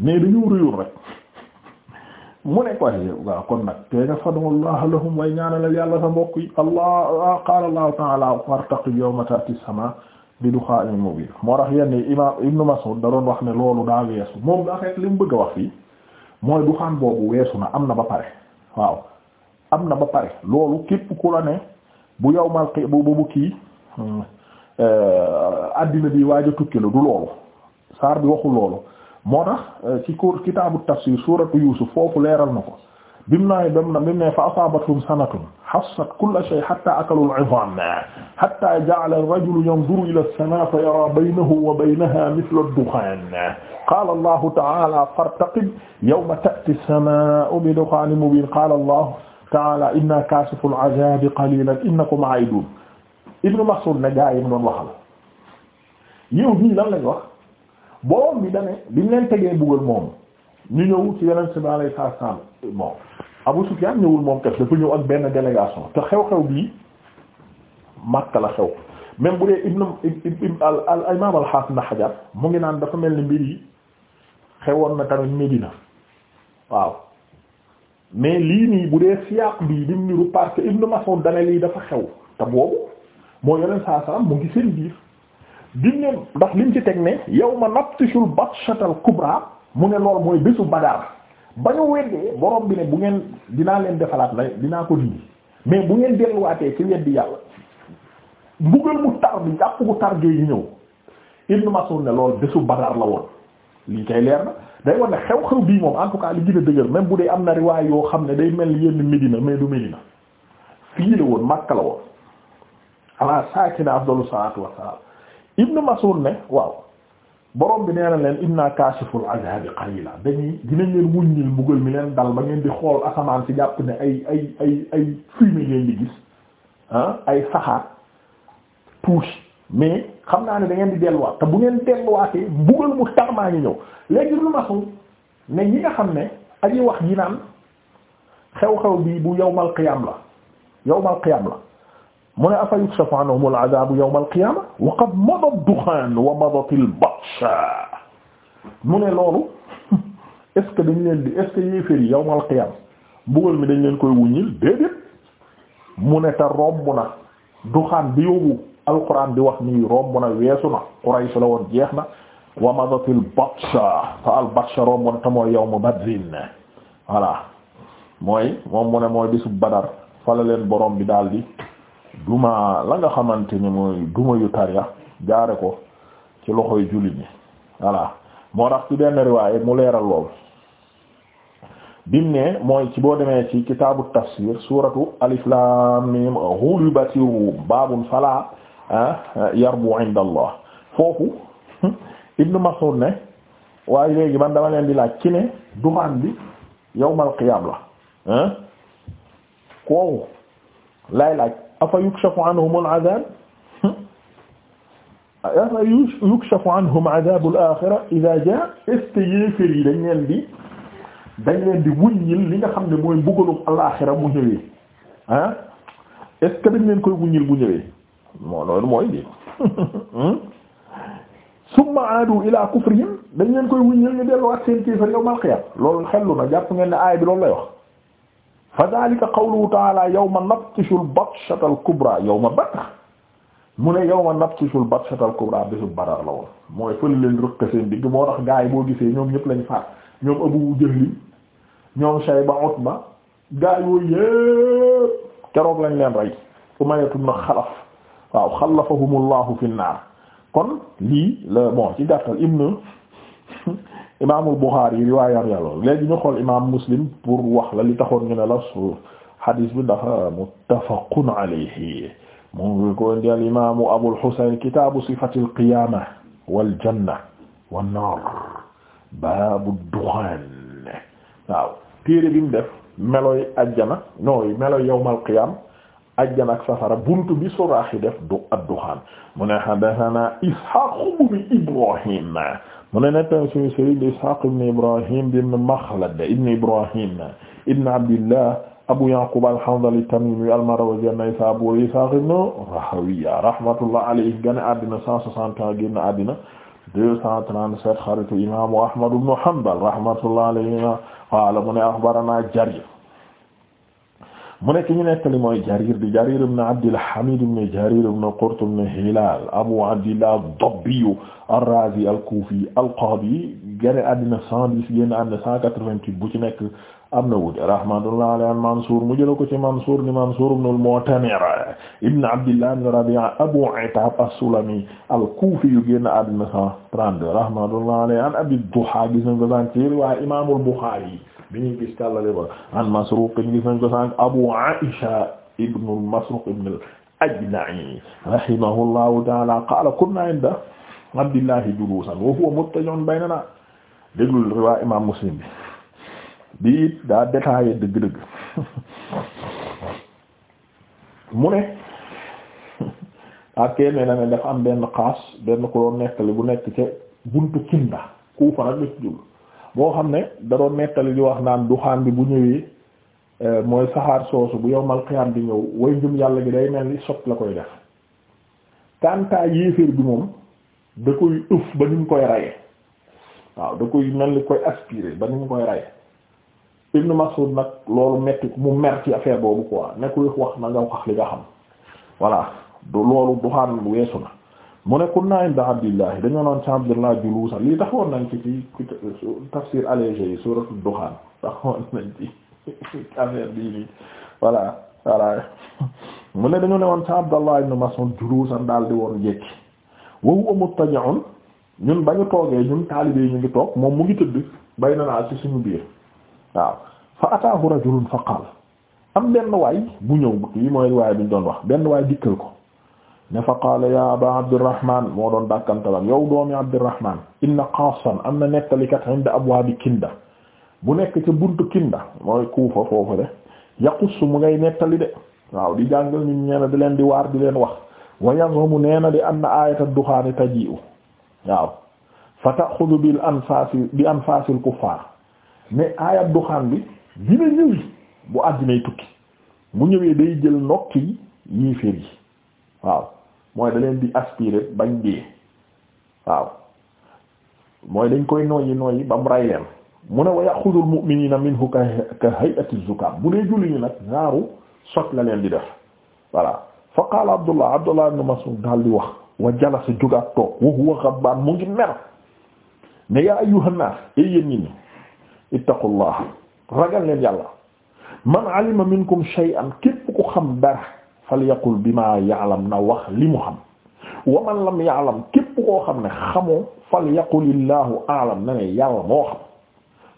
mais dañu ruyul rek mu ne quoi kon nag te nga fadullah lahum way ñaanalal yàlla sa mbokk yi allah qala allahu taala wartaqi yawma ta'ti sama bi dukha'in mubin moo da doon wax ne loolu moom daa xeet li mu bëgg a wax fii mooy duxaan boobu weesu na am na ba pare waaw am na ba pare loolu képp ku la ne bu yawmal qi bu bu kii hmm, euh, addina bi waaj a tukki la du loolu saar bi waxul loolu moo tax euh, ci cours kitaabu tafsir suuratu Yuusuf foofu leeral na ko bim naa ne dem na bim ne fa asaabathum sanatun hassat kulla shay hatta akalul izam hatta ja'ala ar-rajulu yanzuru ila as-samaa fa yara baynahu wa baynaha mithla ad-dukhaan qaala Allahu ta'aala fartaqib yawma ta'ti as-samaa'u bi dukhaanin mubiin qaala Allahu ta'aala innaa kaashiful 'azaabi qaliilan innakum 'aa'iduun Ibnu Mas'uud ne gaa yi mu doon waxal yow nii lan lañ wax. borom bi dane bi ñu leen tegee buggal moom ñu ñëw ci yeneen semi alay saa saam bon Abu Sufyan ñëwul moom kat dafa ñëw ak benn délégation te xew-xew bii Makka la xew même bu dee ibnu al imaam al xaas na xajar mu ngi naan dafa mel ni mbir yi xewoon na tamit Medina waaw mais lii nii bu dee siyaaq bii lim niru parce que Ibn Mas'ud lii dafa xew te boobu moo yeneen saa saam mu ngi seen biir biñ ne ndax liñ ci teg ne yawma naftishul batshatal kubra mu ne lool mooy bésu badar ba ñu weddee borom bi ne bu ngeen dinaa leen defalaat la dinaa ko dindi mais bu ngeen delluwaatee ci weddi yàlla mbugal mu tar bi jàpp gu tar géey yi ñëw Ibn Mas'ud ne lool bésu badar la woon lii kay leer na day war ne xew-xew bii moom en tout cas li gën a dëgër même bu dee am na riwaay yoo xam ne day mel yenn Médina mais du Médina fii la woon Makka la woon ala saakina afdalu Ibn Mas'ud ne waaw borom bi nee leen inna kaashiful azaabi qaliila dañuy dinañ leen wuññil mbugal mi leen dal ba ngeen di xool asamaan si jàpp ne ay ay ay ay fumée ngeen di gis ah, ay saxaar tuuti mais xam naa ne dangeen di delluwaat te bu ngeen delluwaatee mbugal mu tar maa ngi ñëw léegi Ibn Mas'ud ne ñi nga xam ne aji wax ji naan xew-xew bi bu yawmal qiyaam la yawmal qiyaam la. mu ne afa yukshafu anhum al-'adhabu yawm al-qiyamah wa qad mada ad-dukhan wa madat al-batsha mu ne loolu est ce que dañ leen di est ce que yéeféer yi yawm al-qiyamah mbugal mi dañ leen koy wuññil déedéet mu ne te romb na duxaan bi yóbbu alquran di wax nii romb na weesu na Quraysh la woon jeex na wa madatil batsha fa al batsha romb na te mooy yawmu badrin voilà mooy moom mu ne mooy bisu Badar fa la leen borom bi daal di duma la nga xamante ni mooy duma yu tar ya jaare ko ci loxoy jullit ñi voilà moo tax ci benn riwaaye mu leeral lool bim ne mooy ci boo demee ci kitaabu tafsir suuratu alif laam miim ghulibati ruum baabun falaa ah, yarbu inda allah foofu ibnu Mas'ud ne waaye léegi man dama leen di laaj ci ne dumaan bi yawmal qiyaam la ah, kooku lay laaj afa yukshafu anhum al-azab afa yukshafu anhum azab al-akhirah idha jaa est yéefér yi dañ leen di dañ leen di wuññil li nga xam ne mooy mbugalum al-akhirah mu ñëwee ah est-ce que dañ leen koy wuññil bu ñëwee moo loolu mooy dé summa aadu ila kufrihim dañ leen koy wuññil ñu delluwaat seen kéefar yawmal qiyaam loolu xellu na jàpp ngeen ne aay bi loolu lay wax fa dhalika qawluhu ta'ala yawma nabtishu al-batshata al-kubra yawma badr mu ne yawma nabtishu al-batshata al-kubra bésu Badar la woon mooy fële leen rëkk seen digg moo tax gaa yi boo gisee ñoom ñëpp lañ faat ñoom Abu Jahl ñoom Shayba Utba gaa yooyu yëpp keroog lañ leen rey Umayyatu ibn Xalaf waaw xalafahumullahu fi naar kon lii la bon ci gàttal ibnu imaamul Buxaari yi riwaayar yàllool léegi ñu xool imaam Muslim pour wax la li taxoon ñu ne la su xadiis bi ndax muttafaqun alayhi mu ngi ko indi al imaamu Abul Husayn kitaabu sifatil qiyaama wal janna wan naar baabu duxaan waaw téere bi mu def meloy ajjana nooy meloy yawmal qiyaama ajjan ak safara buntu bi suraaxi def du ad-duxaan mu ne haddasanaa Ishaaq ibn Ibrahim mu ne nettan suñu sëriñ Ishaaq ibn Ibrahim ibn Makhlad ibn Ibrahim ibn Abdillah Abu Yaqub al-Hanzali at-Tamimi al-Marwazi an-Naysaburi Ishaaq ibn Rahawayh rahmatullah alayhi gane àddina 161 génn àddina 237 xaritu imaamu Ahmad ibn Hanbal rahmatullah alayhi qaala mu ne axbaranaa Jarir mu nekk ñu nettali mooy Jarir di Jarir ibn Abdil Hamid ibn Jarir ibn Qurt ibn Hilal Abu Abdillah ad-Dabbi ar-Razi al-Kufi al-Qadi génn àddina 110 génn àddina 188 bu ci nekk am na wuute rahmatullah alayhi Mansour mu jël ko ci Mansour ni Mansour ibn al-Mu'tamir ibn Abdillah ibn Rabi'a Abu Attab as-Sulami al-Kufi génn àddina 132 rahmatullah alayhi an Abi Duha gis nañ ko sànq ci waa Imam al-Bukhari bi ñuy gis tàllale ba an Masruq gis nañ ko sànq Abu Aisha ibnu Masruq ibnu al-Ajla'i ta'ala kunna inda Abdillahi julusan wa huwa muttaji'un baynana déglul imam Muslim bi bi it daa détaillé dëgg mu ne ak na ne dafa am benn xaas ku doon nekkale bu nekk ca buntu Kinda Kufa nag la ci boo xam ne da doon nettali li wax naan duxaan bi bu ñëwee euh, mooy saxaar soosu bu yowmal xiyaam di ñëw way njum yàlla gi day mel ni sot la koy def kantaa yéeféer bi moom da koy ëf ba ni koy rayee waaw da koy mel ni koy aspirer ba ni mu koy rayee Ibn Mas'ud nag loolu metti mu mer ci affaire boobu quoi ne kuy wax na nga wax li nga xam voilà loolu duxaan weesu na mu ne kunna inda Abdillah dañoo noon ci Abdillah juluusa lii taxoon nañ ci ci tafsir allégé yi suuratu Duxaan taxoon nañ ci affaire bii nii voilà voilà mu ne dañu ne woon ci Abdallah ibn Mas'ud juluusan daal di woon yekki wa huwa muttaji'un ñun ba ñu toogee ñun taalibe yi ñu ngi toog moom mu ngi tëdd bay na naa ci suñu biir waaw fa ataahu rajulun fa qaala am benn waay bu ñëw yi mooy waay bi ñu doon wax benn waay dikkal ko ne fa qaala ya aba abdirahman moo doon dàkkantalam yow doomi abdirahman inna xaasan am na nettalikat inda abwaabi kinda bu nekk ca buntu kinda mooy kuufa foofu de yaqussu mu ngay nettali de waaw di jàngal ñu ñeena di leen di waar di leen wax wa yazhumu nee na di anna ayata duxaani taji'u waaw fa ta'xudu bil anfaasi bi anfaasil kuffaar ne aayat duxaan bi dina ñëwi bu àddinay tukki bu ñëwee day jël nokki yi yéeféer yi waaw mooy da leen di aspirer bañ dee mooy dañ koy noyyi noyyi ba mu ray leen mu ne wa yaxudul minhu ka ka hay'ati zukam bu dee julli ñi nag ñaaru sot la leen di def voilà abdullah abdullah ibn mas'ud daal di wax wa jalasa jógaat toog wa huwa ghabbaan mu ngi ne yaa ayyuhan naas ay yéen ñi ragal leen yàlla man alima minkum shay'an képp ku falyaqul bima ya'lam na wax li mu xam wa man lam ya'lam képp koo xam ne xamoo falyaqulillahu a'lam na ne yàlla moo xam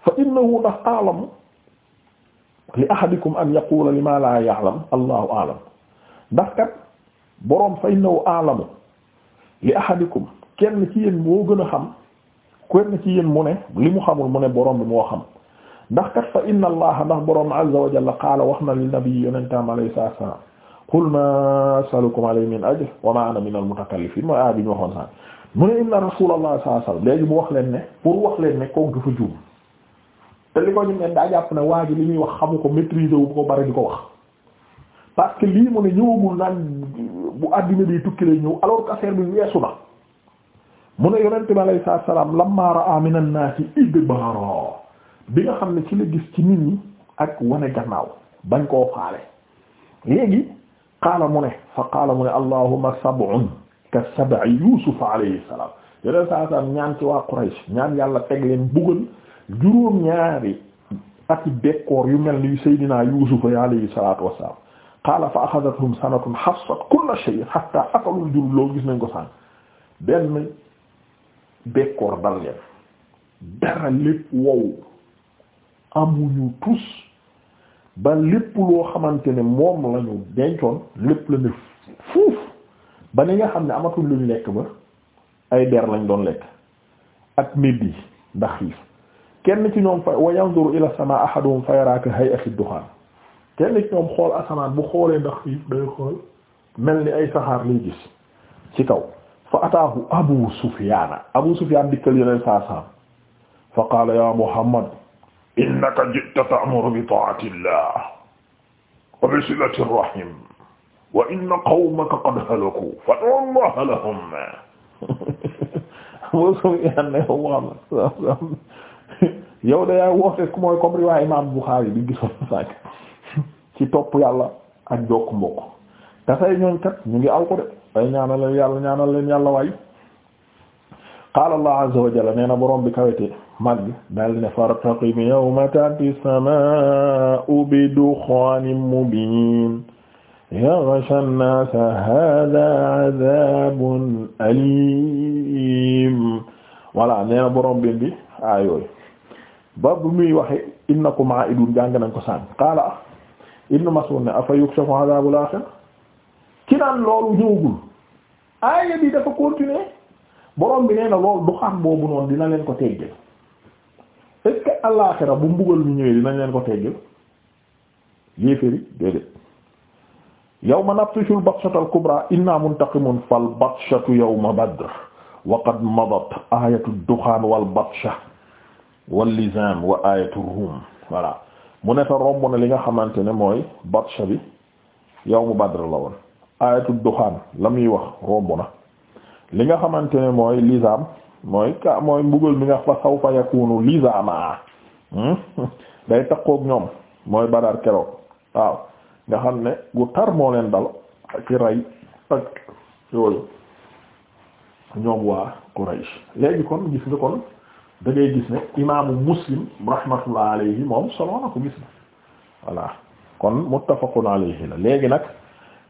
fa innahu ndax a'lamu li ahadikum an yaqula lima la ya'lam allahu a'lam ndax kat boroom fa innahu a'lamu li ahadikum kenn ci yéen moo gën a xam kenn ci yéen mu ne li mu xamul mu ne boroom bi moo xam ndax kat fa inna allaha ndax boroom azza wa jalla qaala wax na li nabi yonentam alayhi salaam qul na as'alukum alayhi min ajr wa ma ana min al-mutakallifin mooy aay bi ñu waxoon sànq mu ne inna rasulullah sallallahu alayhi léegi mu wax leen ne pour wax leen ne kooku dafa juum te li ko ñu ne daa jàpp ne waa ji li ñuy wax xamu ko maîtriser wu ko bari di ko wax parce que lii mu ne ñëwagul naan bu àddina bi tukki lay ñëw alors que affaire bi weesu na mu ne yonent bi alayhi salaam lamma ra'a min an-naasi bi nga xam ne ci la gis ci nit ñi ak wane gannaaw bañ koo faale qaala mu ne fa qaala mu ne allahumma sab'un ka sab'i yusuf alayhi salaam yeneen saa saa ñaan ci waa Quraysh ñaan yàlla teg leen buggal juróom ñaari ati bekkoor yu mel ni Seydina Yuusuf alayhi salaatu wa salaam qaala fa axadathum sanatun hassat kulla shay hatta akalul jurub loolu gis nañ ko sànq benn bekkoor dal leen dara lépp wow amuñu tus ba lépp loo xamante ne moom lañu dencoon lépp la ne ba ni nga xam ne amatul luñ lekk ba ay der lañ doon lekk ak middi ndax xiif kenn ci ñoom fa wa yanzuru ila sama ahaduhum fa yara ka hay'ati duxaan kenn ci ñoom xool asamaan bu xoolee ndax xiif day xool mel ni ay saxaar lay gis ci kaw fa ataahu abu sufyaana abu sufyaan dikkal yeneen saa saam fa qaala ya muhammad innaka ji'ta ta'muru bi ta'ati llah wa bi silati rahim wa inna qawmaka qad halaku fad'u allaha lahum Abu Sufyaan ne Muhammad yow de yaay woote ku mooy comme riwaay Imaam Buxaari bi gisoon sànq ci topp yàlla ak jokk mbokk te say ñooñ kat ñu ngi aw ko de ay ñaanal leen yàlla ñaanal leen yàlla waayu qaala allah azza wa jalla nee na borom bi kawete mag dal ne fartaqib yawma ta'ti as bi dukhaanin mubiin yaghsha an-naasa haadaa 'adaabun aliim voilà nee na borom bi bi ayooyu ba bu muy waxe innakum 'aa'idun jàng nañ ko sànq qaala Ibn Mas'ud ne afa yukshafu 'adaabul aaxira ki naan loolu ñëwagul aaya bi dafa continuer borom bi nee loolu du boobu noonu dina leen ko teggeel alaaxira bu mbugal ñu ñëwee dinañ leen ko teggil yéeféeri déedéet yawma nabtishul batshatal kubra inna muntaqimun fal batshatu yawma badr wa qad madat ayatu duxaan wal batsha wal lizaam wa ayatu ruum voilà mu ne fa romb na li nga xamante ne mooy batsha bi yawmu badr la woon ayatu duxaan la muy wax romb na li nga xamante ne mooy lizaam mooy ka mooy mbugal mi nga fa sawfa yakunu lizaama Hmm? day takkook ñoom mooy badar keroog waaw nga xam ne gu tar moo leen dal ci rey ak ñoom waa Quraysh léegi kon gis nga kon da gis ne imaamu Muslim rahmatullah alayhi moom solo na ko gis na voilà kon muttafaqun alayhi la léegi nag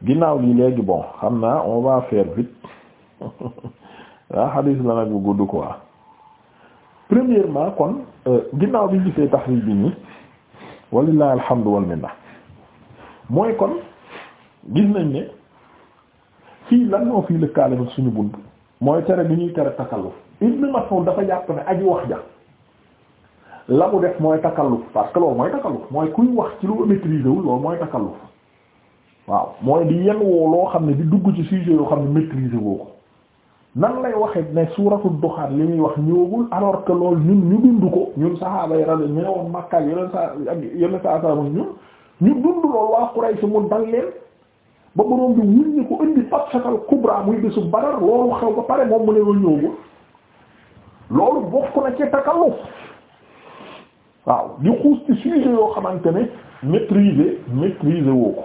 ginnaaw lii léegi bon xam naa on va faire vite waa hadis la nag bu gudd quoi premièrement kon euh, ginnaaw bi ñu gisee taxriij bi nii walillahi alhamdu wal minna mooy kon gis nañ ne fii lan moo fii lëkkaale ak suñu bunt mooy tere bi ñuy tere takalluf Ibn Mas'ud dafa jàpp ne aji wax ja la mu def mooy takalluf parce que loolu mooy takalluf mooy kuy wax ci lu maîtriser wul loolu mooy takalluf waaw mooy di yenn woo loo xam ne di dugg ci sujet yoo xam ne maîtriser woo ko nan lay waxe ne suuratu duxaan li muy wax ñëwagul alors que loolu ñun ñu dund ko ñun saxaaba yi rajo ñu ne woon Makka yeneen saa yeneen saa saa ñun ñu dund loolu waa Quraysh mu dal leen ba borom bi wuñ ko indi obstacle kubra muy bésu Badar loolu xew ba pare moom mu ne loolu ñëwagul loolu bokk na ci takalluf waaw di xuus ci sujet yoo xamante ne maîtriser maîtriser woo ko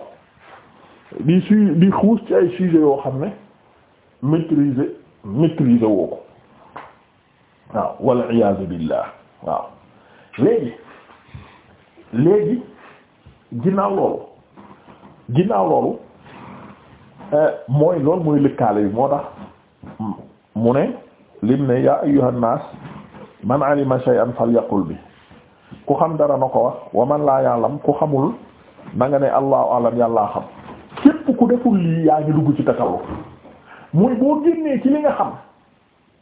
di su di xuus ci ay sujet yoo xam ne maîtriser. maîtriser woo ko waaw wal iyaazu billah waaw léegi léegi ginnaaw loolu ginnaaw loolu eh, mooy lool mooy lëkkaale bi moo tax mu ne lim ne yaa ayyuhan naas man alima shay'an falyaqul bi ku xam dara na ko wax wa man laa ya'lam ku xamul na nga ne allahu alam yàlla xam képp ku deful lii yaa ngi dugg ci takalluf mooy boo génnee ci li nga xam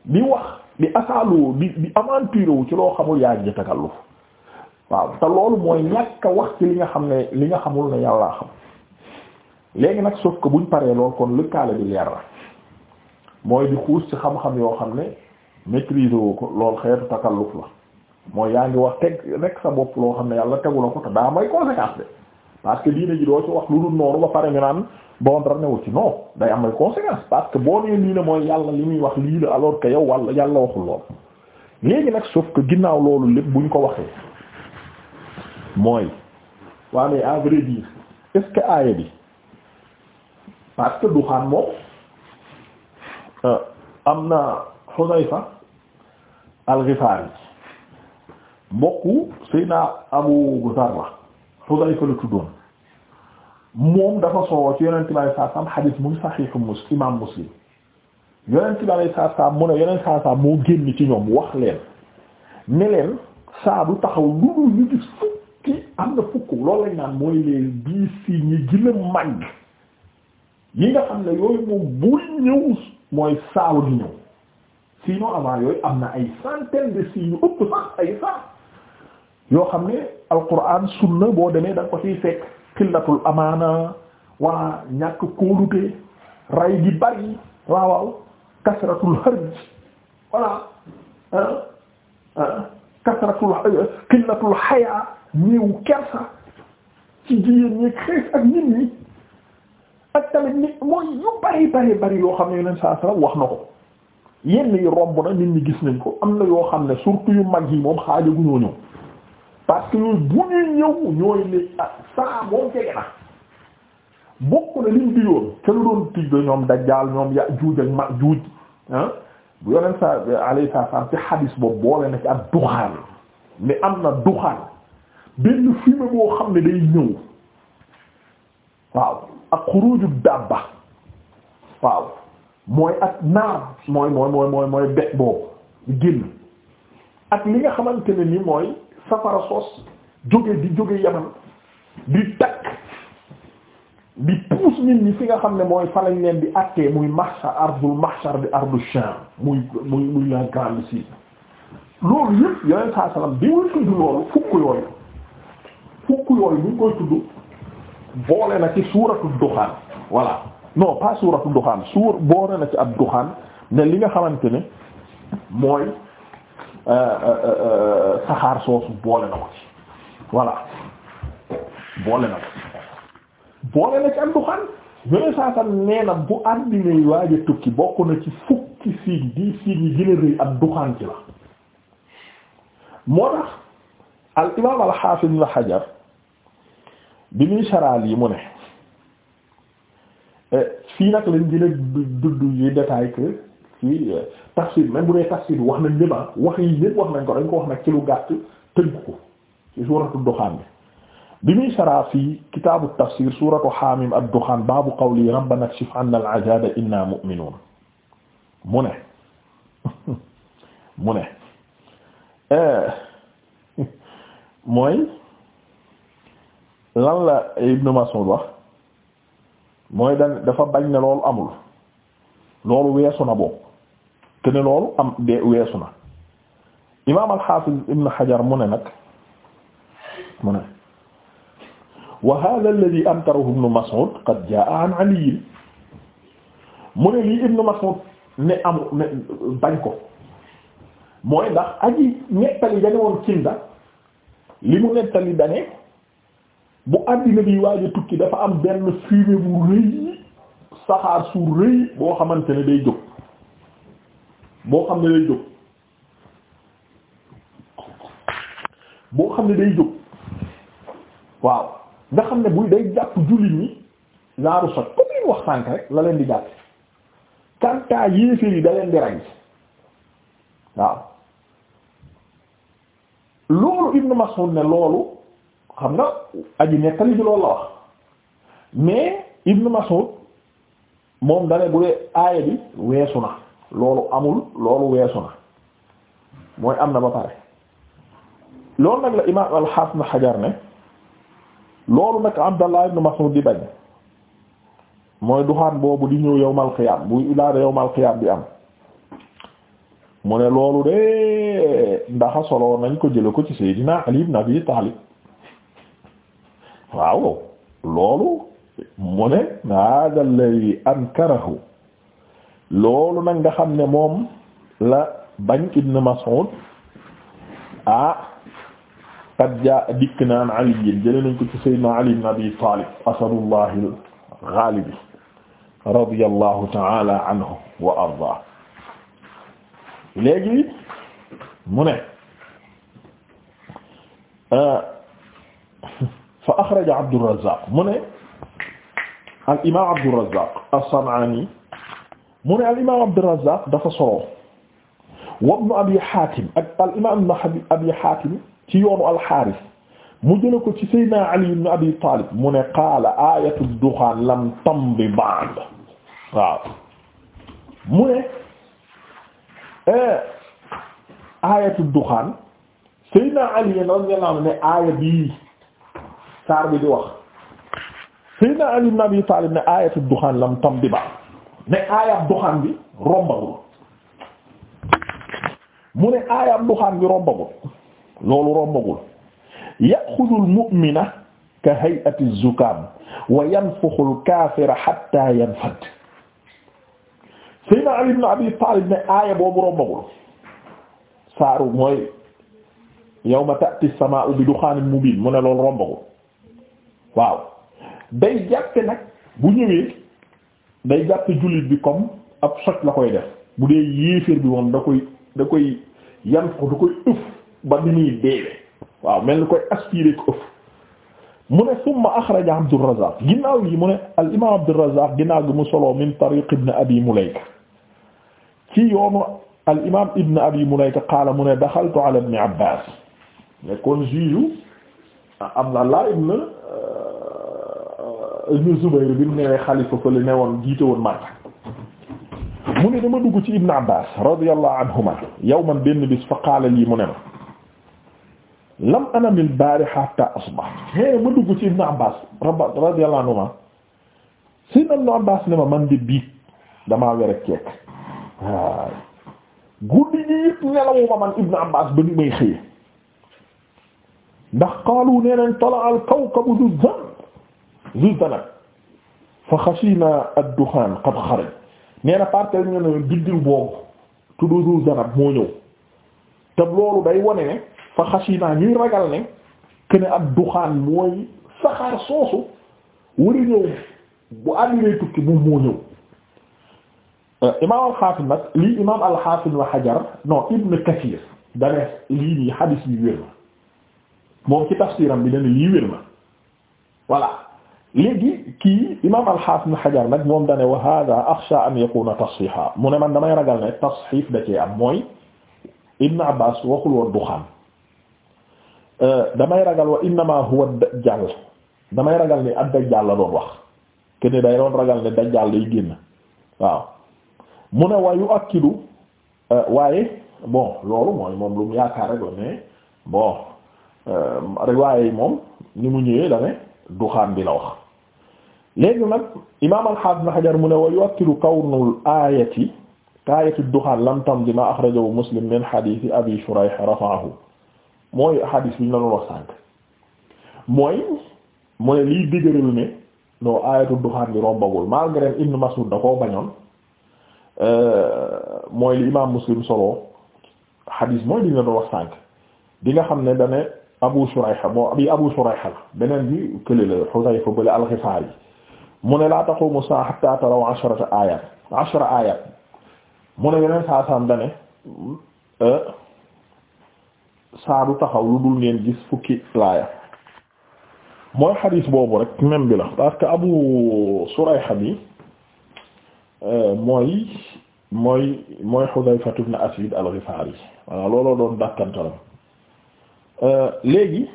di wax di asaaloo bi di aventure wu ci loo xamul yaa ngi takalluf waaw te loolu mooy ñàkk a wax ci li nga xam ne li nga xamul ne yàllaa xam léegi nag sauf ko buñ paree lool kon lu lëkkaale bi leer la mooy di xuus ci xam-xam yoo xam ne maîtriser woo ko lool xeetu takalluf la mooy yaa ngi wax teg rek sa bopp loo xam ne yàlla tegu ko te daa may conséquence de parce que diine ji doo ci wax lu dul noonu ba pare ñu naan bon dara newu ci non day am ay parce que boo nee lii la mooy yàlla li muy wax lii la alors que yow walla yàlla waxul lool. léegi nag sauf que ginnaaw loolu lépp ñu ko waxee mooy waa mais à vrai dire aaya bi parce que duxaan moom euh, am na Xudayfa al-Ghifari mbokku Seyna Abu Zarra Xudayfa la tuddoon. moom dafa soowoo ci yonent bi alayhi salaam xadiis muy saxiixu muslim imaam muslim yonent bi alayhi salaam mu ne yonent salaam moo génn ci ñoom wax leen ne leen saa du taxaw lu dul ñu gis fukki am na fukk loolu lañ naan mooy les dix signes yi gën a màgg yi nga xam ne yooyu moom buy ñëw mooy saaw di ñëw sinon avant yooyu am na ay centaines de signes ëpp sax ay sax yoo xam ne Alquran sunna boo demee da ko ciy fekk. xillatul amaana waa ñàkk kóolute ray gi bari waaw waaw kasratul harj voilà kasratul euh, xillatul xayaa ñëw kersa ci jigéen ñi xees ak nit ñi ak tamit ni mooy yu bari bari bari yoo xam ne yeneen saa salaam wax na ko yenn yi romb na nit ñi gis nañ ko am na yoo xam ne surtout yu mag yi moom xaajaguñoo ñëw parce que yooyu bu ñuy ñëw ñooy ne ah saa moom na bokk na liñ digoon te lu doon tig da ñoom dajjaal ñoom ya juuj ak ma juuj ah bu yoneen sa alayhi salaam ci boobu boole na ci ak duxaan ne am na duxaan benn fumée boo xam ne day ñëw waaw ak xuruju dabba waaw mooy ak naar mooy mooy mooy mooy mooy boobu génn ak li nga xamante ne ni mooy safara soos jóge di jóge yaman di takk di puus nit ñi fi nga xam ne mooy fa lañ leen di attee muy mahshar ardul mahshar di ardu sham muy muy muy la grande cité loolu yëpp yoneen saa salaam bi muy tudd loolu fukk yooyu fukk yooyu ñu ngi koy tudd boole na ci suuratu duxaan voilà non pas suuratu duxaan suur boole na ci ab duxaan ne li nga xamante ni mooy Euh, euh, euh, saxaar soosu boole na ko ci voilà boole na ko boole na ci am duxaan yone saasam nee na bu àddina yi waaj tukki bokk na ci fukki siig di siig yi gën rëy ak duxaan ci la moo tax al imaam xaafis ibn Hajar bi muy saraal yi mu ne eh, fii nag lañ gën dudd yi détail que tafsir même tafsir wax nañ ñëpp wax yi ñëpp wax nañ ko dañ ko wax nag ci lu gàtt tënk ko ci suuratu duxaan bi bi muy saraa fii kitaabu tafsir suuratu xaamim ad baabu qawli rabbana kshif anna al-'azaaba inna mu'minuun mu ne eh, lan la Ibnu Mas'ud wax mooy dañ dafa bañ ne loolu amul loolu weesu na boobu te ne loolu am weesu na imaam al Ibn Hajar mu ne nag mu ne wa hadha alladhi amtarahu Ibn Mas'ud qad jaa'a an Ali mu ne lii Ibn Mas'ud ne am ne bañ ko mooy ndax aji nettali dañu woon Kinda li mu nettali dane bu àddina bi waaja tukki dafa am benn fumée bu rëy saxaar su rëy boo xamante ne day jóg boo xam ne day jóg boo xam ne day jóg waaw nga xam ne buy day jàpp jullit ñi naaru sot comme li wax sànk rek la leen di jàpp kantaa yéeféer yi da leen di rey waaw loolu Ibn Mas'ud ne loolu xam nga aji nettali bi loolu la wax mais Ibn Mas'ud moom dane bu dee aaya bi weesu na loolu amul loolu weesu na mooy am na ba pare loolu nag la imaam alxaas na xajar ne loolu nag Abdallah ibn Mas'ud di bañ mooy duxaan boobu di ñëw yowmal qiyaam bu ilaada yowmal qiyaam bi am mu ne loolu de ndaxa solo nañ ko jële ko ci Seydina Ali ibn Abi Taalib waaw loolu mu ne hada alladhi ankarahu loolu nag nga xam ne moom la bañ ibn Mas'ud ah qad jaa dikk na an Ali jëlee nañ ko ci sayyidina Ali ibn Abi Talib asadullahil ghalib radiyallahu ta'ala anhu wa arda léegi mu ne ah, fa akhraja Abdurrazzaq mu ne al imam Abdurrazzaq as-San'ani mu ne al imaam Abdurrazzaq dafa solo wa ibnu Abi Haatim ak al imaam Abi Haatim ci yoonu al-Haaris mu jëlee ko ci Seydina Ali ibn Abi Taalib mu ne qaala aayatu duxaan lam tamdi ba'd waaw mu ne eh, aayatu duxaan Seydina Ali radiyallahu anhu ne aaya bii saar bi di wax Seydina Ali ibn Abi Taalib ne aayatu duxaan lam tamdi ba'd ne aayab duxaan bi rombagul mu ne aayab duxaan bi rombagul loolu rombagul yaxudul mu'mina ka hay'ati zukaam wa yanfuxul kaafira hatta yanfad Seydina Ali ibn Abi Taalib ne aaya boobu rombagul saaru mooy yawma ta'ti as-samaa'u bi duxaanin mubiin mu ne loolu rombagul waaw day jàppe nag bu ñëwee day jàppe jullit bi comme ab soj la koy def bu dee yéeféer bi moom da koy da koy yan ko da koy ëf ba ni muy deewe waaw mel ni koy aspiré ko mu ne summa axraja Abdurrazzaq ginnaaw yi mu ne al imam Abdurrazzaq ginnaaw gi mu soloo min tariq ibn abi Mulayka ci yoonu al imam ibn abi Mulayka qaala mu ne daxaltu ala ibn Abbas nekkoon juge am laa ibn ibnu Zubayr bi mu newee xalifa fële ne woon jiite woon Makka mu ne dama dugg ci ibnu Abbaas radiyallahu anhuma yawman benn bis fa qaala lii mu ne ma lam anamil baari hatta asbax hee ma dugg ci ibnu Abbaas radiyallahu anhuma sayyidna ibnu Abbaas ne ma man di biig damaa were keek waaw guddi gi yëpp nelawuma man ibnu Abbaas ba ni may xëye ndax qaalu tala al kawkabu du zan zuzdanat fa xasina ad-duxaan qad xaraj nee na parce que ñu ne biddiw boobu moo ñëw te loolu day wone ne fa xasina ñuy ragal ne que ne duxaan mooy saxaar soosu wari ñëw bu àlliray tukki moom moo ñëw euh, imam alxaafis nag lii imam alxaafis wa xajar non ibn kathir lii nii xadis yi wér na moom ci tafsiram bi dane lii wér na voilà léegi kii imaam al-Hasan Hajar nag moom dane wa hada axsha an yakuna tasfiha mu ne man damay ragal ne tasxiif da cee am mooy Ibn Abbas waxul duxaan damay ragal wa innama huwa dajjal damay ragal ni ad dajjal la doon wax kene day doon ragal ne dajjal lay génn waaw mu ne wa yu'akkidu waaye bon loolu mooy moom lu mu yaakaar rek la yi moom ni mu ñëwee da duxaan bi la wax léegi nag imaam al-Hafiz Ibn mu ne wa yuwakkilu kawnul aayati kaayatu duxaan lam tam dima axrajahu Muslim min xadiisi Abi Shurayh rafa'ahu mooy xadis bi ñu la doon wax sànq mooy mu ne liy dëgëral ne noo aayatu duxaan bi rombagul malgré Ibn Mas'ud da koo bañoon euh, mooy li imaam Muslim solo xadis mooy li ñu la doon wax sànq di nga xam ne da ne Abu Shurayh moo bi Abu Shurayh la beneen bi kële la Xudayfa bële al mu ne laa taqumu saa hatta taraw asharata ayat ashara ayat mu ne yeneen saa saam dane saa du taxaw lu dul ngeen gis fukki laaya mooy xadiis boobu rek même bi la parce que abu surayxa bi mooy mooy mooy Xudayfatu ibn Asiid al-Gifaari voilà looloo doon dàkkantalam léegi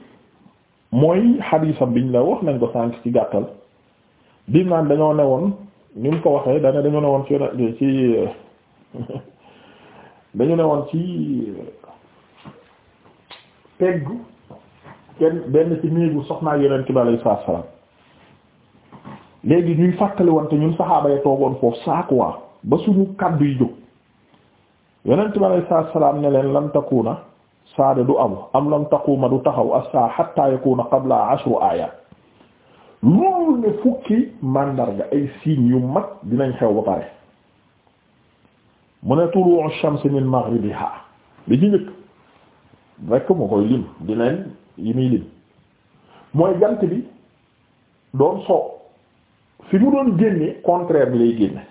mooy xadiisam biñ la wax nañ ko sànk ci gàttal bi maan dañoo newoon ni mu ko waxee dana dañu newoon woon ci dañu newoon ci peggu kenn benn ci néegu soxnaa yonent bi alayhi salaatu salaam léegi ñuy fàttali woon te ñun saxaaba ya toogoon foofu saakuwaa ba suñu kàddu yi jóg yonent bi alayhi salaatu salaam ne leen lan takuuna saada du am am lam taquuma du taxaw as-saa hattaa yakuuna qabla ashru aayaat loolu ne fukki màndarga ay signes yu mag dinañ xew ba pare mu ne tulu'u shams min maghribiha bi ci njëkk rekk mu koy lim dinañ yi muy lim mooy jant bi doon so fi mu doon génne contraire bi lay génne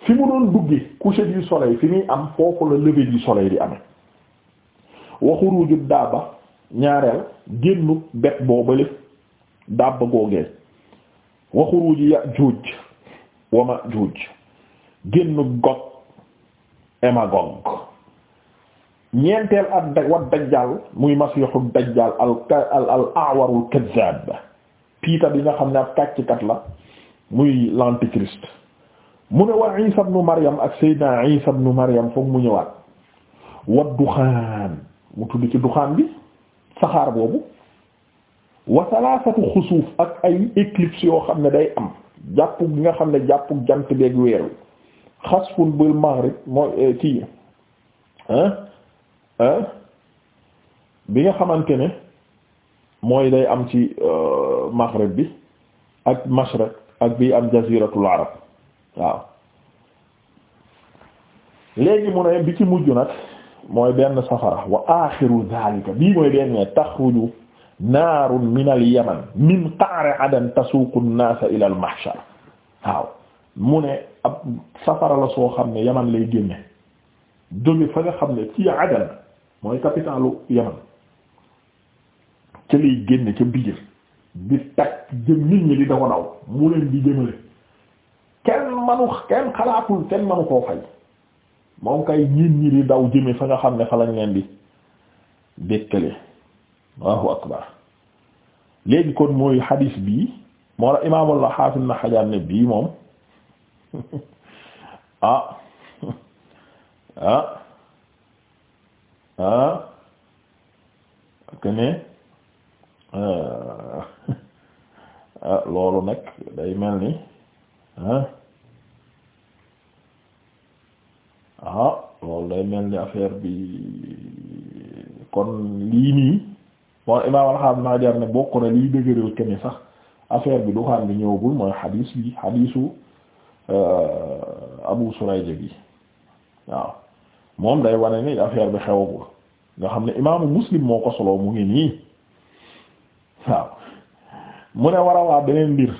fi mu doon dugge coucher du soleil fi muy am foofu la lever du soleil di amee wa xuruju daaba ñaareel génnu bet booba lépp dàbb googee wa xuruuji Yaajuuj wa Maajuuj génnu Gog et ñeenteel at da wa dajjaal muy masiixu dajjaal al al al a'warul bi nga xam ne ab kàccikat la muy l'antichrist mu ne wa Isa ibn Maryam ak Seydina Isa ibn Maryam foog mu ñëwaat wa duxaan mu tudd ci duxaan bi saxaar boobu wa salaasatu xusuuf ak ay éclipse yoo xam ne day am jàpp bi nga xam ne jàppu jant beeg weer wi xasfun bil maghrib mooy eh, kii hein hein bi nga xamante ne mooy day am ci euh, maghrib bi ak mashriq ak bi am jaziratul arab waaw léegi mu ne bi ci mujj nag mooy benn safara wa aaxiru zaalika bii mooy benn taxruju naarun min al yaman min qa'ri adan tasuuqu an-naasa ila al mahshar waaw mu ne ab safara la soo xam ne yaman lay génne jóge fa nga xam ne ci adan mooy capitalu yaman ca lay génne ca bijir di takk jëm nit ñi di ko daw mu leen di jëmale kenn manu kenn xalaatul kenn manu koo fay moom kay nit ñi di daw jëme fa nga xam ne fa lañ leen di dékkale Allahu akbar léegi kon mooy xadiis bii moo la imaamul la xaafis na xajaar ne bii moom ah, ah ah ah que ah, loolu nag day mel ni ah, ah loolu day mel ni affaire bi kon lii nii moo imam alxaam naa jar ne bokk na liy dëgëral ke sax affaire bi duxaan bi ñëwagul mooy xadiis bi xadiisu euh, Abu Surayja bi moom day wane ni affaire bi xewagul nga xam ne imaamu Muslim moo ko soloo mu ngi nii waaw mu ne war a waa beneen mbir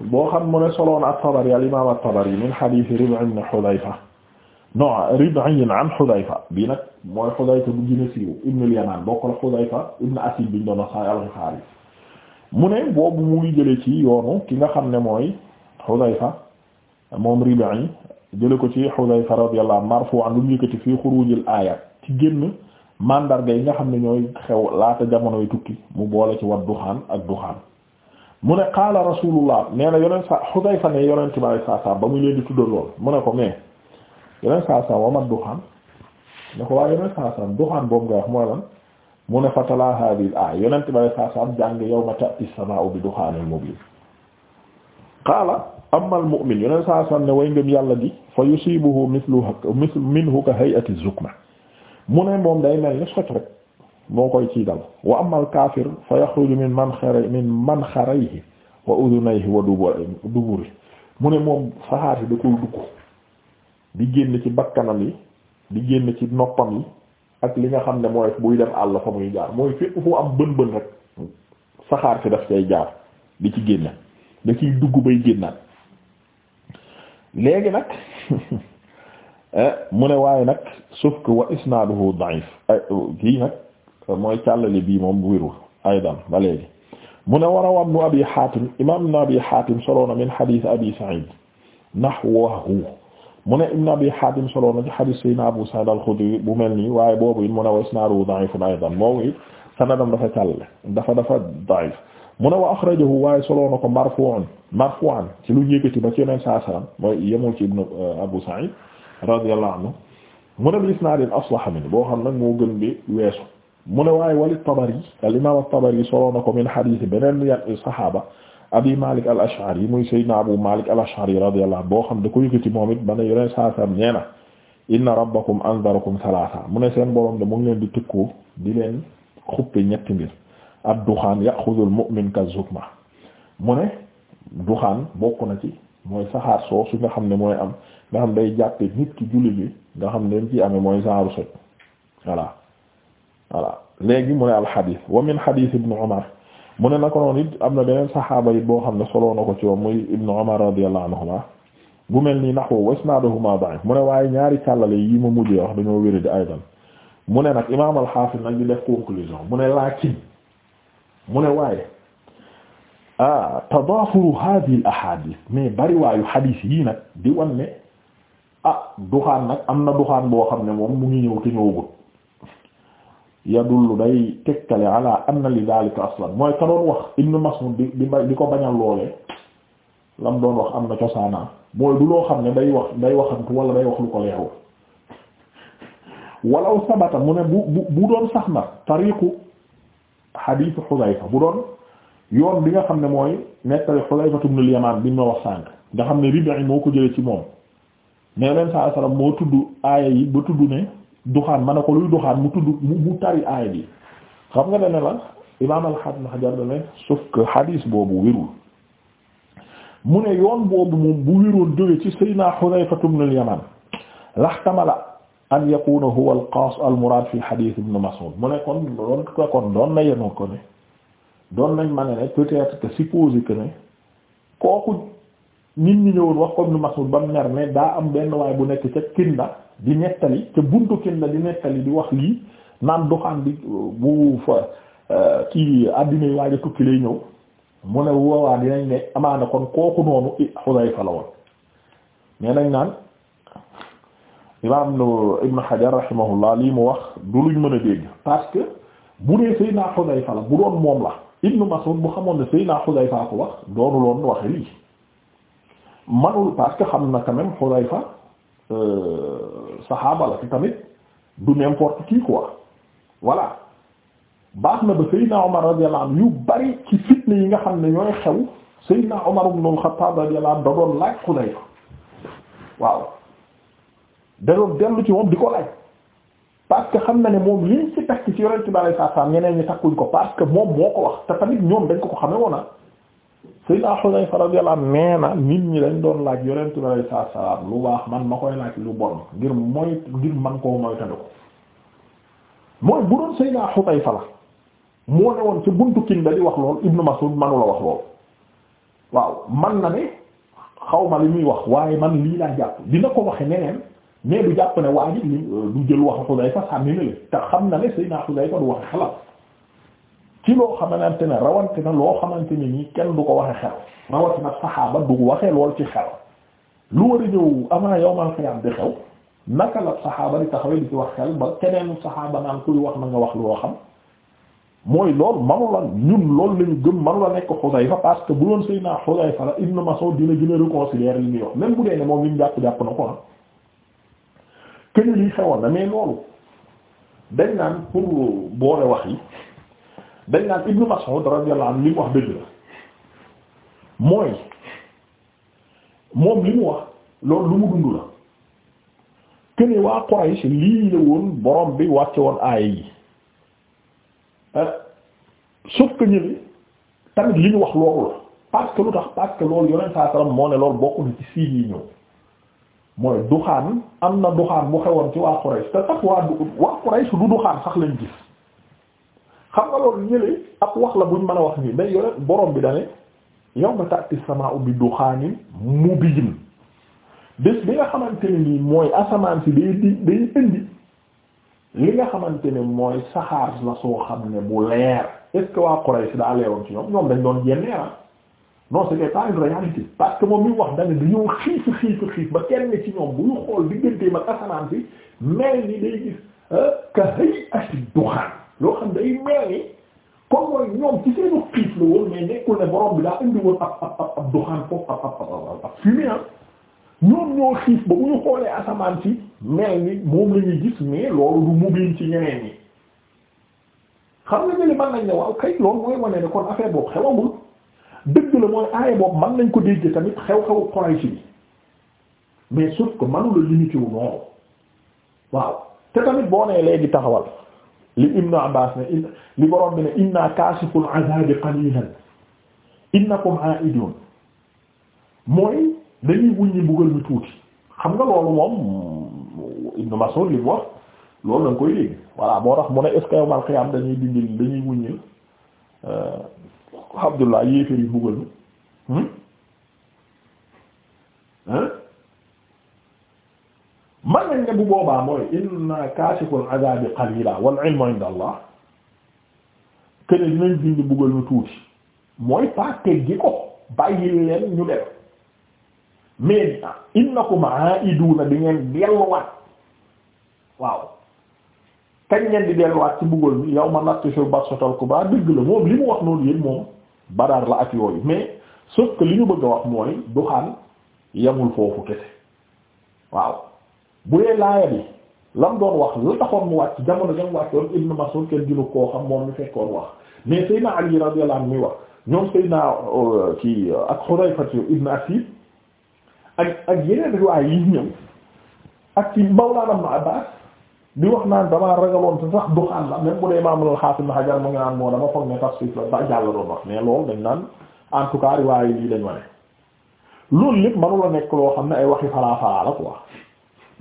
boo xam mu ne soloon at-Tabari al imam at-Tabari min xadiisi Rib'i ibn Hudayfa non ribayin an Xudayfa bii nag mooy Xudayfa bu gën a siiw ibnul Yamaan bokkul Xudayfa ibnu Asiid biñ doon sax saa xaari mu ne boobu mu ngi jële ci yoonu ki nga xam ne mooy Xudayfa moom ribayi jële ko ci Xudayfa radiyallahu anhu marfu'an lu mu yëkkati fii xuruujil aaya ci génn mandarga yi nga xam ne ñooy xew laata jamonoy tukki mu boole ci wat duxaan ak duxaan mu ne qaala Rasuulullah nee na yonent sa Xudayfa ne yonent bi sallallahu alayhi wa ba mu leen di tuddal lool mu ne yeneen saa saa wamat duxaan ne ko waaye yeneen saa saa duxaan boobu nga wax mooy lan mu ne fatalaa hadhihi al-aaya yonent bi saa saa jàng yawma ta'ti as bi duxaanin mubiin qaala amma al-mu'min yonent ne way ngëm yàlla di fa yusiibuhu mithlu minhu ka hay'ati az-zukma mu ne moom day mel ni sot rek moo koy ciy dal wa amma al fa yaxruju min manxari min manxarayhi wa udunayhi wa duburihi mu ne moom saxaati da koy dugg di génn ci bakkanam yi di génn ci noppam yi ak li nga xam ne mooy buy def àll fa muy jaar mooy fépp fu am bën bën rek saxaar si daf cay jaar di ci génn da ci dugg bay génnaat léegi nag eh, mu ne waaye nag sauf que wa isnaaduhu da'if eh, kii nag mooy càllale bii moom wérul aydan ba léegi mu ne war a wam nu abi xaatim imam nu abi xaatim soloona min xadiis abi sa'id nahwahu mu ne Ibn Abi Hatim solo na ci hadis Sayyidina Abu Sa'id al-Khudri bu mel nii waaye boobu it mu ne wa isnaaduhu da'ifun aydan moomu it sanadam dafa càlle dafa dafa da'if mu ne wa akhrajahu waaye solo na ko marfu'an marfu'an ci lu yëkkati ba ci Yonent saa salaam mooy yemul ci Ibn euh, Abu Sa'id radiyallahu anhu mu ne bi isnaadin aslah min boo xam nag moo gën bi weesu mu ne waaye wali Tabari al-Imam at-Tabari solo na ko min hadis beneen yan saxaaba. abi malik al yi muy sayyidina abu malik al ashari radiyallahu anhu boo xam da ko yëkkati moom it bana yoneen saasam nee na inna rabbakum anzarakum salaasa mu ne seen borom de mu ngi leen di tëkkoo di leen xuppe ñetti mbir ad duxaan yaxudul mu'min ka zukma mu ne duxaan bokk na ci mooy saxaar soosu nga xam ne mooy am nga xam day jàppe nit ki julli bi nga xam ne ci amee mooy saaru soj voilà voilà léegi mu ne al xadiis wa min xadiis ibnu umar mu ne naka noonu it am na beneen saxaaba yi boo xam ne soloo na ko ci moom muy Ibnu Umar radiyallahu anhuma bu mel nii naxu wa isnaaduhuma da'if mu ne waaye ñaari càllale yi ma mujjee wax dañoo wéri di mu ne nag imaam al-Hafiz nag di def conclusion mu ne laakin mu ne waaye ah tadaafuru hadhihi al-ahadith mais bariwaayu hadith yii nag di wan ne ah duxaan nag am na duxaan boo xam ne moom mu ngi ñëw te ñëwagul yadullu day tegtale ala anna li daalika aslan mooy ka doon wax ibnu Mas'ud di di di ko bañal loolee lam doon wax am na cosaanaa mooy du loo xam ne day wax day waxantu wala day wax lu ko leerul walaw sabata mu ne bu bu bu doon sax na tariqu xadiisu Xudayfa bu doon yoon bi nga xam ne mooy nettali Xudayfa ibn al-Yamaan bi ma wax sànq nga xam ne Rib'i moo ko jëlee ci moom mais leen sa salaam moo tudd aaya yi ba tudd ne. duxaan ma ne ko luy duxaan mu tudd tari aay bi xam nga ne ne la imaam alxasan xajar dane sauf que hadis boobu wérul mu ne yoon boobu moom bu wéroon jóge ci sayyidina Hudayfatu ibn al-Yaman laxtamala an yakuna huwa al-qaas al-muraad fi hadith ibn Mas'ud mu ne kon doon ko kon doon na yeno ko nañ ma ne peut-être que supposé que ne kooku nit ñi ñëwoon wax ko ibn Mas'ud ba mu mer ne daa am benn waay bu nekk ca Kinda di nettali te buntu kenn la di nettali di wax lii naan doxaan bi bu fa euh, kii àddina yi waaja tukki lay ñëw mu ne woowaa dinañ ne amaana kon kooku noonu i Xudayfa la woon mais nañ naan imaam Ibn Hajar rahimahullah lii mu wax du luñ mën a dégg parce que bu dee Seydina Xudayfa la bu doon moom la Ibn Mas'ud bu xamoon ne Seydina Xudayfa ko wax doonuloon waxe lii manul parce que xam na quand même Euh, saxaaba la ci tamit du n'importe qui quoi voilà baax na ba Seydina Omar radiyallahu anhu yu bari ci fitna yi nga xam ne ñooy xew Seydina Omar ibn al-Khattab radiyallahu anhu da doon laaj Xudayfa waaw da doon dellu ci moom di ko laaj parce xam na ne moom liñ ci takk ci Yonent bi sallallahu alayhi wasallam ñeneen ñi takkuñ ko parce que moom moo ko wax te tamit ñoom dañ ko ko xamee woon ah. Sayyidina Hudayfa radiyallahu anhu nee nit ñi lañ doon laaj yonent bi alayhi salaam lu baax man ma koy laaj lu bon ngir moy ngir man koo moytandiku mooy bu doon Sayyidina Hudayfa la moo ne woon ci buntu Kinda di wax lool Ibnu Mas'ud manu la wax lool waaw man na ne xaw ma li muy wax waaye man lii laa jàpp dina ko waxe neneen mais du jàpp ne waa ji du jël wax Hudayfa sànni na le te xam na ne Sayyidina Hudayfa du waxe xalaat ci loo xamanante ne rawante na loo xamante ni nii kenn du ko waxe xel rawatina saxaaba du waxee lool ci xel lu war a ñëw avant yawmal qiyaam di xew naka la saxaaba di taxawee di ci wax xel ba keneen saxaaba naan kuy wax na nga wax loo xam mooy loolu manu la ñun loolu lañu gëm manu la nekk Xudayfa parce que bu doon Seydina Xudayfa la Ibn Mas'ud dina gën a li ñuy wax même bu dee ne moom li ñu jàpp jàpp na ko ah këñ li xewoon na mais loolu dañ naan pour wax yi dañ naan Ibnu Mas'ud radiyallahu anhu li mu wax dëgg la mooy moom li mu wax loolu lu mu dund la këne waa Quraysh lii la woon borom bi wàcce woon aaya yi euh, sauf que tamit li ñu wax loolu la parce que lu tax parce loolu yoneen saa salaam moo ne loolu bokk na ci siig yi ñëw mooy duxaan am na duxaan bu xewoon ci waa Quraysh te sax waa waa Quraysh du duxaan sax lañ gis xam nga loolu ñëlee ab wax la buñ mën a wax nii mais yore borom bi dane yawma ta'ti samaa'u bi duxaanin mubiin bés bi nga xamante ne nii mooy asamaan si day nga xamante ne mooy saxaar la soo xam ne bu leer est-ce que waa Quraysh daa ci ñoom ñoom dañ doon yenn ah. non c'était pas une parce que moom mi wax da nga dañoo xiif xiif xiif ba kenn ci ñoom bu ñu xool digganteem ak asamaan si mel ni day gis euh, ka hay'ati duxaan loo xam day mel ni comme mooy ñoom ci seenu xiif la woon mais nekkul ne borom bi daa indi ab ab doxaan foofu ab ab ab ah. ñoom ñoo xiif ba bu ñu xoolee asamaan si mel ni moom la gis mais loolu du mubin ci ñeneen ñi xam nga jëli mën nañ ne waaw kay loolu mooy wane ne kon affaire boobu xewamul dëgg la mooy aaye boobu mën nañ ko dégg tamit xew-xewu Quraysh bi mais sauf que mënu la limité waaw te tamit boo nee léegi taxawal. li Ibn Abbas ne li borom bi ne inna kaashiful azaabi qalilan innakum aa'iduun mooy dañuy wuññi mbugal mi tuuti xam nga loolu moom Ibn Mas'ud li mu wax loolu da nga koy dégg voilà moo tax mu ne est-ce que yawmal qiyaam dañuy dindil dañuy wuññil euh, Abdullah yéeféer yi mbugal mi hmm? man nañ ne bu boobaa mooy inna kaashiful azaabi qaliila wal ilmu inda allah kene dinañ dindi buggal ñu tuuti mooy pas gi ko bàyyi leen ñu def mais innakum aaiduuna di ngeen delluwaat waaw kañ ngeen di delluwaat ci buggal mi yawma nattishu basatal kubraa dëgg la moom li mu wax noonu yéen moom badaar la ak yooyu mais sauf li ñu bëgg a wax mooy duxaan yamul foofu kese waaw bu dee laaya bi lam doon wax lu taxoon mu wàcc jamono jam wàccoon Ibn Mas'ud kenn ginu koo xam moom mi fekkoon wax mais Seydina Ali radiyallahu anhu muy wax ñoom Seydina euh, kii euh, ak Hudayfa ibn Asid ak ak yeneen riwaay yi ñëw ak ci Mawlana Ibn Abbas wax naan damaa moo dama foog ne tafsir la jàll doon wax mais loolu dañ naan en tout cas riwaay yi loolu lépp mënu nekk loo xam ne ay waxi falaa falaa la quoi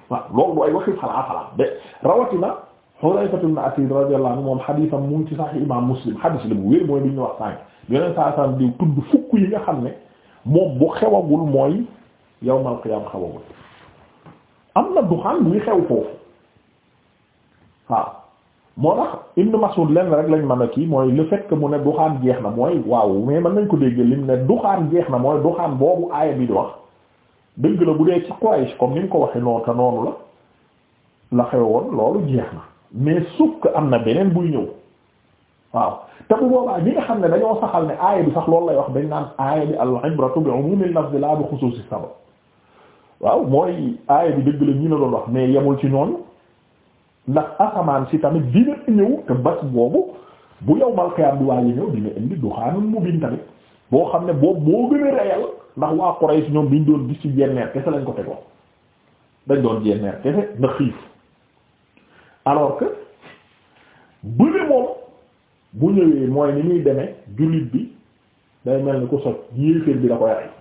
waaw loolu ay waxi falaa falaa de rawatina Hudayfa ibn Asiid radiyallahu moom xadiisam mu ngi ci Sahih imaam Muslim xadiis la bu wér mooy bi ñu wax sànq yeneen saa saan diw tudd fukk yi nga xam ne moom bu xewagul mooy yawmal qiyaama xewagul am na duxaan buy xew foofu waaw moo tax Ibn Mas'ud lenn rek lañ mën a kii mooy le fait que mu ne duxaan jeex na mooy waaw mais mën nañ ko déggee lim ne duxaan jeex na mooy duxaan boobu aaya bi di wax. dëgg la bu dee ci Quraysh comme ni mu ko waxee noonu te noonu la la xewoon loolu jeex na mais suuf am na beneen buy ñëw waaw te bu boobaa ñi nga xam ne dañoo saxal ne aaya bi sax loolu lay wax dañ naan aaya bi al-ibratu bi umumil lafz laa bi xusuusi sabab waaw mooy aaya bi dëgg la ñi la doon wax mais yemul ci ñooñu ndax asamaan si tamit dina ñëw te bas boobu bu yawmal qiyaam bi waaye ñëw dina indi duxaanun mubiin tamit boo xam ne boobu moo gën a ndax waa Quraysh ñoom dañ doon gis ci jenneer kese lañ ko tegoo dañ doon jenneer kese ndax xiif alors que bële moom bu ñëwee mooy ni muy demee jullit bi day mel ni ku sot yéeféer bi da koy rey